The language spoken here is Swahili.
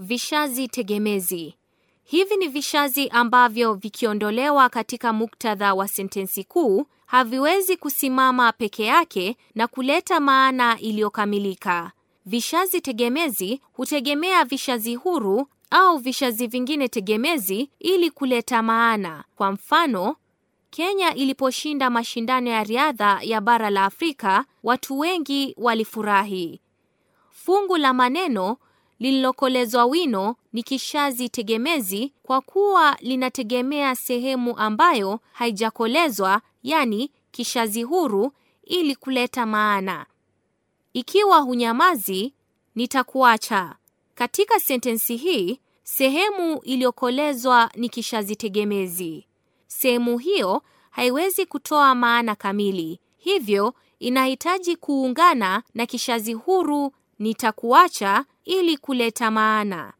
Vishazi tegemezi. Hivi ni vishazi ambavyo vikiondolewa katika muktadha wa sentensi kuu haviwezi kusimama peke yake na kuleta maana iliyokamilika. Vishazi tegemezi hutegemea vishazi huru au vishazi vingine tegemezi ili kuleta maana. Kwa mfano, Kenya iliposhinda mashindano ya riadha ya bara la Afrika, watu wengi walifurahi. Fungu la maneno Lililokolezwa wino ni kishazi tegemezi kwa kuwa linategemea sehemu ambayo haijakolezwa, yani kishazi huru, ili kuleta maana. Ikiwa hunyamazi, nitakuacha. Katika sentensi hii, sehemu iliyokolezwa ni kishazi tegemezi. Sehemu hiyo haiwezi kutoa maana kamili, hivyo inahitaji kuungana na kishazi huru Nitakuacha ili kuleta maana.